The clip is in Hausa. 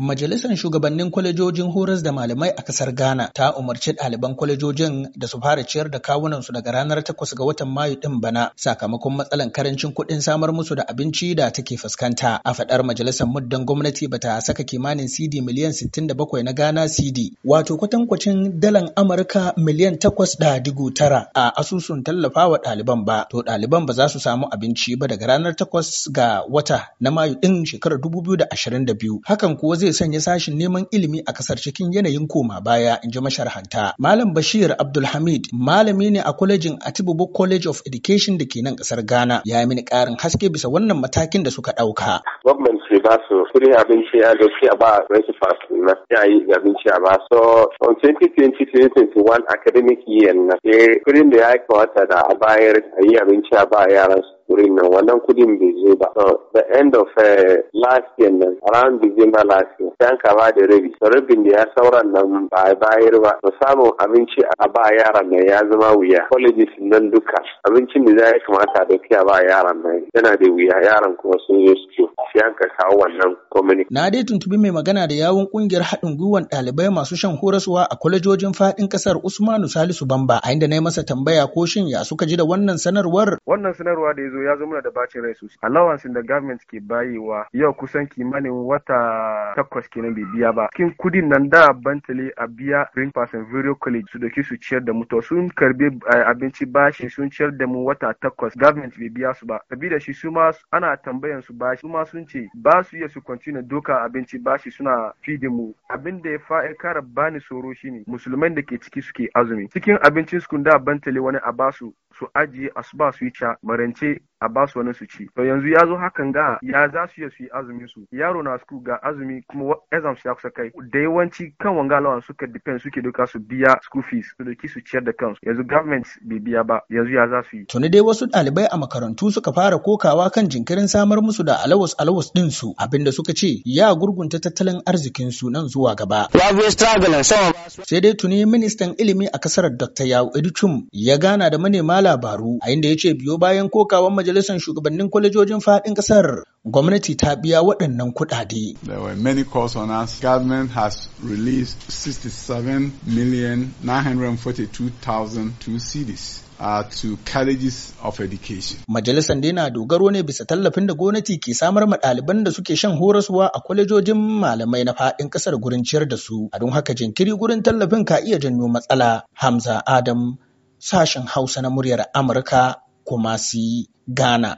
Majalisar shugabannin kwalejojin horas da malamai a kasar Ghana ta umarci ɗaliban kwalejojin da su fara ciyar da kawunansu daga ranar takwas ga watan Mayu ɗin bana sakamakon matsalan karancin kuɗin samar musu da abinci da take fuskanta. A faɗar majalisar muddan gwamnati bata saka kimanin CD miliyan 67 na Ghana CD wato kwatankwacin dalan Amurka miliyan takwas 8.9 a asusun tallafawa ɗaliban ba. To ɗaliban ba za su samu abinci ba daga ranar takwas ga wata na Mayu ɗin shekarar biyu, Hakan kuwa zai zai sanya sashin neman ilimi a kasar cikin yanayin koma baya in ji masharhanta malam bashir abdulhamid malami ne a kwalejin atibubu college of education da ke nan kasar ghana ya yi mini karin haske bisa wannan matakin da suka ɗauka. ba su kudin abinci a gaske na ya yi abinci a ba on 2020-2021 academic year na eh, kudin da ya kawata da a bayar a yi abinci a ba yaran su wurin nan wannan kudin bai zo ba. So the end of uh, last year nan around December last year sai an kama da rabi. So rabin da ya sauran nan ba a bayar ba. So samun abinci a ba yaran nan ya zama wuya. Colleges nan duka abincin da za ya kamata da fiya ba yaran nan yana da wuya yaran kuma sun zo su sai an ka wannan komini. Na dai tuntubi mai magana da yawun kungiyar haɗin gwiwan ɗalibai masu shan horaswa a kwalejojin faɗin ƙasar Usmanu Salisu Bamba a inda na yi masa tambaya ko shin ya suka ji da wannan sanarwar. Wannan sanarwa da ya zo ya zo mana da bacin rai sosai. Allowances da government ke bayewa yau kusan kimanin wata takwas kenan bai biya ba. kin kudin nan da bantale a biya Ring and Video College su dauki su ciyar da mu to sun karbi eh, abinci bashi sun ciyar da mu wata takwas government bai biya su ba. Sabida shi su ma ana tambayan su bashi su ma sun sun ba su iya su continue doka abinci shi suna fidin mu abin da ya fa'a kara bani tsoro shine musulmai da ke ciki suke azumi cikin abincin su da bantale wani a basu su ajiye a su yi marance a ba su wani su ci to yanzu ya zo hakan ga ya za su iya su yi azumin su yaro na su ga azumi kuma exam ya kusa kai da yawanci kan wanga lawan suka depend suke duka su biya school fees su doki su ciyar da kansu yanzu government bai biya ba yanzu ya za su yi tuni dai wasu ɗalibai a makarantu suka fara kokawa kan jinkirin samar musu da alawas alawas din su abinda suka ce ya gurgunta tattalin arzikin su nan zuwa gaba sai dai tuni ministan ilimi a kasar dr yau chum ya gana da manema labaru a inda ya ce biyo bayan kokawan majalisar shugabannin kwalejojin faɗin Kasar, gwamnati ta biya waɗannan kuɗaɗe. There were many calls on us. Government has released uh, Majalisar dai na dogaro ne bisa tallafin da gwamnati ke samar ma ɗaliban da suke shan horaswa a kwalejojin malamai na faɗin ƙasar gurin ciyar da su. A don haka jinkiri gurin tallafin ka iya janyo matsala. Hamza Adam sashen Hausa na muryar Amurka, kuma si Ghana.